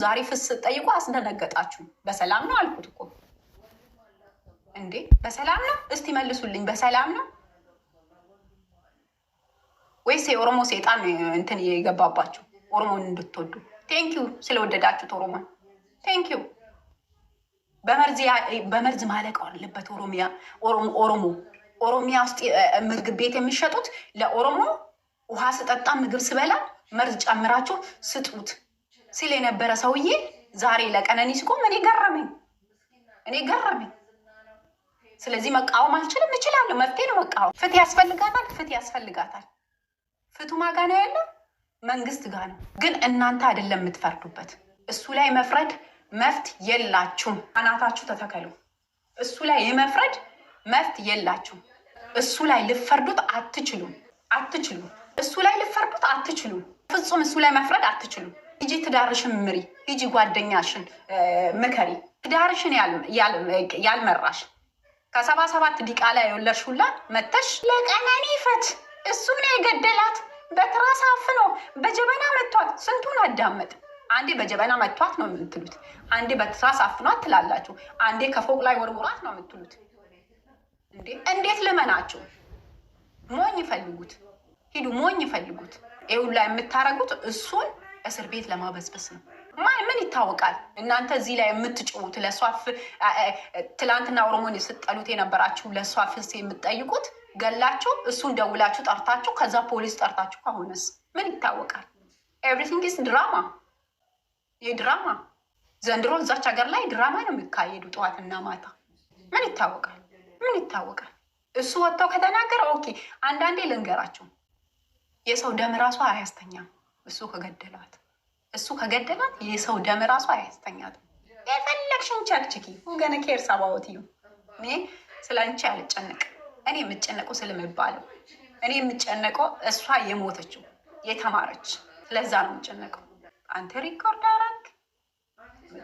ዛሬ ፍስ ጠይቆ አስደነገጣችሁ። በሰላም ነው አልኩት እኮ እንዴ። በሰላም ነው እስቲ መልሱልኝ። በሰላም ነው ወይስ የኦሮሞ ሴጣን እንትን የገባባችሁ? ኦሮሞን እንድትወዱ ቴንኪዩ። ስለወደዳችሁት ኦሮሞን ቴንኪዩ። በመርዝ ማለቅ አለበት ኦሮሚያ። ኦሮሞ ኦሮሚያ ውስጥ ምግብ ቤት የሚሸጡት ለኦሮሞ ውሃ ስጠጣ ምግብ ስበላ መርዝ ጨምራችሁ ስጡት። ሲል የነበረ ሰውዬ ዛሬ ለቀነኒ ሲቆም እኔ ገረመኝ፣ እኔ ገረመኝ። ስለዚህ መቃወም አልችልም፣ እችላለሁ። መፍትሄ ነው መቃወም። ፍትህ ያስፈልጋታል፣ ፍትህ ያስፈልጋታል። ፍቱ ማጋ ነው ያለ መንግስት ጋር ነው። ግን እናንተ አይደለም የምትፈርዱበት። እሱ ላይ መፍረድ መፍት የላችሁም። አናታችሁ ተተከሉ። እሱ ላይ የመፍረድ መፍት የላችሁም። እሱ ላይ ልፈርዱት አትችሉም፣ አትችሉም። እሱ ላይ ልፈርዱት አትችሉም። ፍጹም እሱ ላይ መፍረድ አትችሉም። ሂጂ ትዳርሽን ምሪ፣ ሂጂ ጓደኛሽን ምከሪ። ትዳርሽን ያልመራሽ ከሰባ ሰባት ዲቃላ የወለድሽ ሁላ መተሽ ለቀነኒ ይፈት እሱ ነው የገደላት። በትራስ አፍኖ በጀበና መቷት። ስንቱን አዳመጥ። አንዴ በጀበና መቷት ነው የምትሉት፣ አንዴ በትራስ አፍኗት ትላላችሁ፣ አንዴ ከፎቅ ላይ ወርውራት ነው የምትሉት። እንዴት ልመናችሁ? ሞኝ ይፈልጉት፣ ሂዱ ሞኝ ይፈልጉት። ይሁን ላይ የምታረጉት እሱን እስር ቤት ለማበስበስ ነው። ማን ምን ይታወቃል? እናንተ እዚህ ላይ የምትጭቡት ለእሷ ትላንትና ኦሮሞን ስጠሉት የነበራችሁ ለእሷ ፍስ የምትጠይቁት ገላችሁ እሱን ደውላችሁ ጠርታችሁ ከዛ ፖሊስ ጠርታችሁ ከሆነስ ምን ይታወቃል? ኤቭሪቲንግ ኢዝ ድራማ። ይህ ድራማ ዘንድሮ እዛች ሀገር ላይ ድራማ ነው የሚካሄዱ ጠዋትና ማታ። ምን ይታወቃል? ምን ይታወቃል? እሱ ወጥተው ከተናገረ ኦኬ። አንዳንዴ ልንገራቸው የሰው ደም ራሷ አያስተኛም። እሱ ከገደላት እሱ ከገደላት የሰው ደም ራሱ አያስተኛትም። የፈለግሽን ቸርችኪ ገነ ኬር ሰባወት እዩ እኔ ስለ አንቺ አልጨነቅ። እኔ የምጨነቀው ስለምባለው እኔ የምጨነቀው እሷ የሞተችው የተማረች ስለዛ ነው የምጨነቀው። አንተ ሪኮርድ አረክ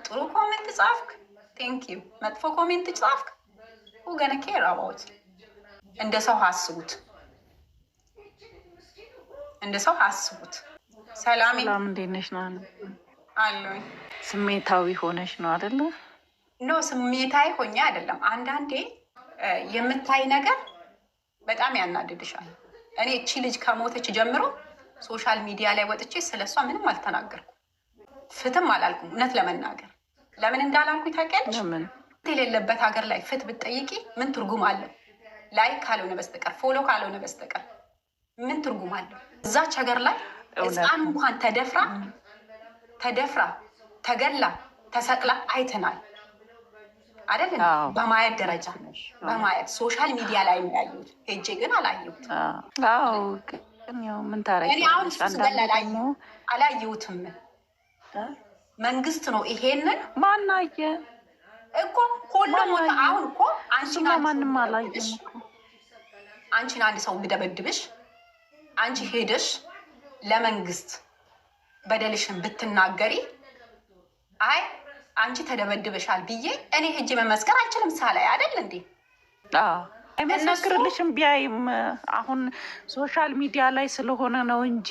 ጥሩ ኮሜንት ጻፍክ፣ ቴንክ ዩ። መጥፎ ኮሜንት ጻፍክ፣ ገነ ኬር አባውት። እንደ ሰው አስቡት፣ እንደ ሰው አስቡት። ሰላም እንዴት ነሽ? ነው አለኝ። ስሜታዊ ሆነሽ ነው አይደለ? ኖ ስሜታዊ ሆኜ አይደለም። አንዳንዴ የምታይ ነገር በጣም ያናድድሻል። እኔ እቺ ልጅ ከሞተች ጀምሮ ሶሻል ሚዲያ ላይ ወጥቼ ስለሷ ምንም አልተናገርኩም፣ ፍትም አላልኩም። እውነት ለመናገር ለምን እንዳላልኩ ታውቂያለሽ? የሌለበት ሀገር ላይ ፍት ብትጠይቂ ምን ትርጉም አለው? ላይክ ካልሆነ በስተቀር ፎሎ ካልሆነ በስተቀር ምን ትርጉም አለው? እዛች ሀገር ላይ ህፃን እንኳን ተደፍራ ተደፍራ ተገላ ተሰቅላ አይተናል አይደል? በማየት ደረጃ በማየት ሶሻል ሚዲያ ላይ ያየሁት ሄጄ ግን አሁን ምን አላየሁትም። መንግስት ነው ይሄንን ማናየ እኮ ሁሉም ወጣ። አሁን እኮ አንቺ ማንም አላየ። አንቺን አንድ ሰው ግደበድብሽ አንቺ ሄደሽ ለመንግስት በደልሽን ብትናገሪ አይ አንቺ ተደበድበሻል ብዬ እኔ ሄጄ መመስከር አልችልም። ሳላይ አይደል እንዴ አይመሰክርልሽም። ቢያይም አሁን ሶሻል ሚዲያ ላይ ስለሆነ ነው እንጂ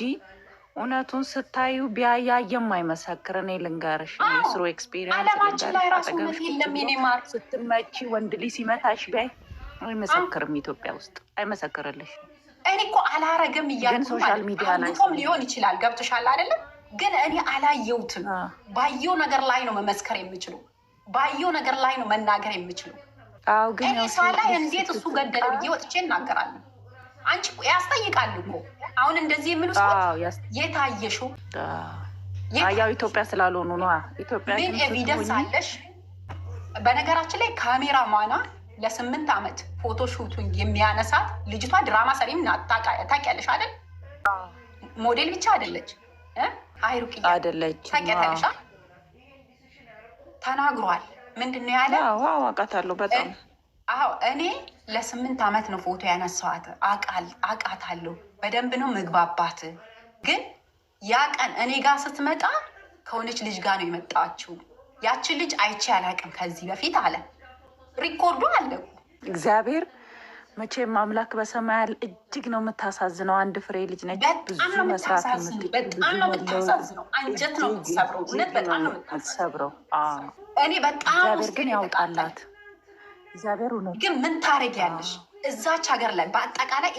እውነቱን ስታዩ ቢያያ የማይመሰክር እኔ ልንገርሽ፣ ስሩ ኤክስፒሪየንስ ስትመቺ ወንድ ልጅ ሲመታሽ ቢያይ አይመሰክርም። ኢትዮጵያ ውስጥ አይመሰክርልሽ እኔ እኮ አላረገም እያልኩም ሊሆን ይችላል። ገብቶሻል አይደለም? ግን እኔ አላየውትም። ባየው ነገር ላይ ነው መመስከር የምችሉ፣ ባየው ነገር ላይ ነው መናገር የምችሉ። እኔ ሳ ላይ እንዴት እሱ ገደለ ብዬ ወጥቼ እናገራለሁ። አንቺ ያስጠይቃል እኮ አሁን እንደዚህ የሚሉ ሰዎች የታየሽው ያው ኢትዮጵያ ስላልሆኑ ነዋ። ኢትዮጵያ ምን ኤቪደንስ አለሽ? በነገራችን ላይ ካሜራ ማና ለስምንት ዓመት ፎቶሹቱን የሚያነሳት ልጅቷ ድራማ ሰሪም ናት። ታውቂያለሽ አይደል? ሞዴል ብቻ አይደለች አይሩቅ አይደለች። ታውቂያለሽ? ተናግሯል። ምንድን ነው ያለ? አውቃታለሁ በጣም አዎ። እኔ ለስምንት ዓመት ነው ፎቶ ያነሳዋት። አውቃታለሁ በደንብ ነው መግባባት። ግን ያ ቀን እኔ ጋር ስትመጣ ከሆነች ልጅ ጋር ነው የመጣችው። ያችን ልጅ አይቼ አላውቅም ከዚህ በፊት አለ ሪኮርዱ አለ። እግዚአብሔር መቼም አምላክ በሰማያል እጅግ ነው የምታሳዝነው። አንድ ፍሬ ልጅ ነች። ብዙ መስራት የምትሰብረው እግዚአብሔር ግን ያውጣላት። እግዚአብሔር ግን ምን ታደርጊያለሽ? እዛች ሀገር ላይ በአጠቃላይ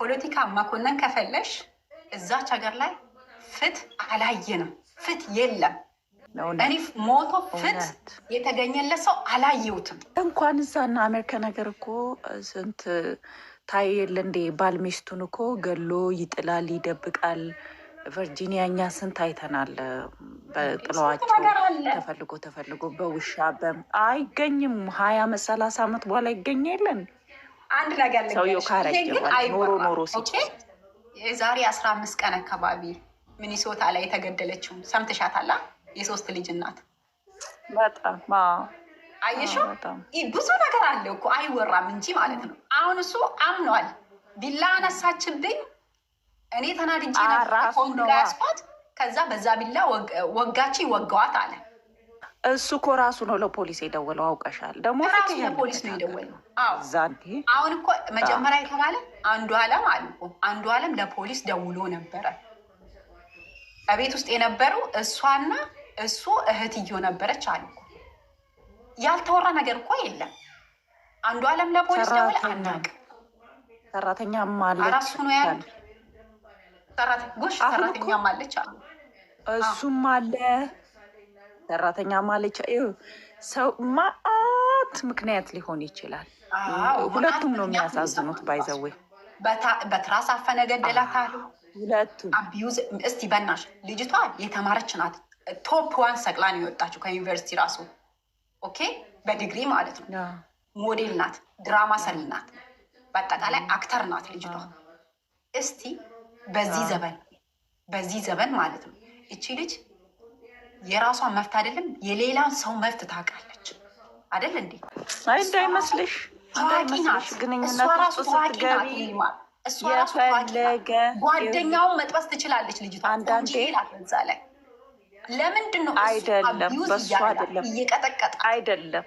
ፖለቲካ ማኮነን ከፈለሽ እዛች ሀገር ላይ ፍት አላየንም፣ ፍት የለም። እኔ ሞቶ ፍት የተገኘለ ሰው አላየሁትም። እንኳን እዛና አሜሪካ ነገር እኮ ስንት ታየል እንዴ! ባል ሚስቱን እኮ ገሎ ይጥላል፣ ይደብቃል። ቨርጂኒያ እኛ ስንት አይተናል። በጥለዋቸው ተፈልጎ ተፈልጎ በውሻ አይገኝም። ሀያ ዓመት ሰላሳ አመት በኋላ ይገኝ የለን አንድ ነገር ሰውየው ካረጀ ኖሮ ኖሮ የዛሬ አስራ አምስት ቀን አካባቢ ሚኒሶታ ላይ የተገደለችው ሰምተሻታላ? የሶስት ልጅ እናት በጣም አየሽው። ብዙ ነገር አለው እኮ አይወራም እንጂ ማለት ነው። አሁን እሱ አምኗል። ቢላ አነሳችብኝ፣ እኔ ተናድጄ ነስኳት። ከዛ በዛ ቢላ ወጋች፣ ወገዋት አለ እሱ እኮ ራሱ ነው ለፖሊስ የደወለው። አውቀሻል ደግሞ ራሱ ለፖሊስ ነው የደወለው። አሁን እኮ መጀመሪያ የተባለ አንዱ አለም አሉ አንዱ አለም ለፖሊስ ደውሎ ነበረ። ቤት ውስጥ የነበረው እሷና እሱ እህትዮ ነበረች አሉ። ያልተወራ ነገር እኮ የለም። አንዱ አለም ለፖሊስ ደውል አናቅ ሰራተኛ ማለች አራሱ ነው ያሉ ሰራተኛ ማለች አሉ። እሱም አለ ሰራተኛ ማለች ሰው ማአት ምክንያት ሊሆን ይችላል። ሁለቱም ነው የሚያሳዝኑት። ባይዘዌ በትራስ አፈነ ገደላት አሉ። ሁለቱም አቢዩዝ። እስቲ በናሽ ልጅቷ የተማረች ናት። ቶፕ ዋን ሰቅላን የወጣችው ከዩኒቨርሲቲ ራሱ። ኦኬ በዲግሪ ማለት ነው። ሞዴል ናት፣ ድራማ ሰሪ ናት፣ በአጠቃላይ አክተር ናት ልጅቷ። እስቲ በዚህ ዘበን በዚህ ዘበን ማለት ነው እቺ ልጅ የራሷን መብት አይደለም የሌላን ሰው መብት ታውቃለች አይደል እንዴ? አይ እንዳይመስልሽ፣ ታዋቂ ናት፣ እሷ ራሱ ታዋቂ ናት። እሷ ራሱ ታዋቂ ናት። ጓደኛውን መጥበስ ትችላለች ልጅቷ። አንዳንዴ ላ ላይ ለምንድን ነው አይደለም፣ በሱ አይደለም፣ እየቀጠቀጠ አይደለም፣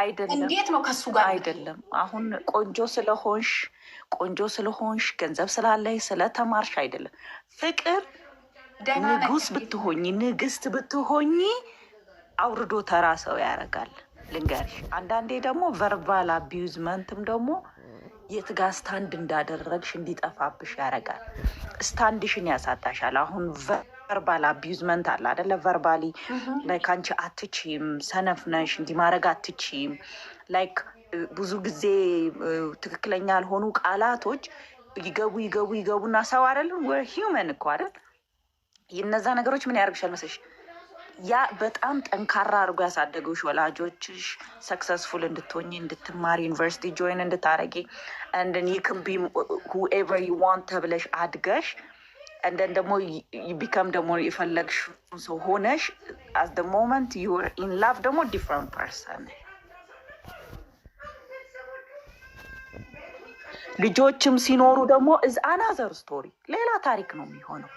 አይደለም። እንዴት ነው ከሱ ጋር አይደለም። አሁን ቆንጆ ስለሆንሽ ቆንጆ ስለሆንሽ ገንዘብ ስላለሽ ስለተማርሽ አይደለም። ፍቅር ንጉስ ብትሆኝ ንግስት ብትሆኝ አውርዶ ተራ ሰው ያደርጋል። ልንገርሽ፣ አንዳንዴ ደግሞ ቨርባል አቢዩዝመንትም ደግሞ የት ጋ ስታንድ እንዳደረግሽ እንዲጠፋብሽ ያደርጋል። ስታንድሽን ያሳጣሻል። አሁን ቨርባል አቢዩዝመንት አለ አደለ? ቨርባሊ ላይክ አንቺ አትችም፣ ሰነፍ ነሽ፣ እንዲህ ማድረግ አትችም። ላይክ ብዙ ጊዜ ትክክለኛ ያልሆኑ ቃላቶች ይገቡ ይገቡ ይገቡና ሰው ወር ሂውመን እኮ አደል? እነዛ ነገሮች ምን ያደርግሻል መሰለሽ ያ በጣም ጠንካራ አድርጎ ያሳደጉሽ ወላጆችሽ ሰክሰስፉል እንድትሆኝ እንድትማሪ ዩኒቨርሲቲ ጆይን እንድታረጊ እንደን ይክንቢ ሁኤቨር ዩ ዋንት ተብለሽ አድገሽ እንደን ደግሞ ቢከም ደግሞ የፈለግሽ ሰው ሆነሽ አት ደ ሞመንት ዩር ኢን ላቭ ደግሞ ዲፍረንት ፐርሰን ልጆችም ሲኖሩ ደግሞ እዝ አናዘር ስቶሪ ሌላ ታሪክ ነው የሚሆነው።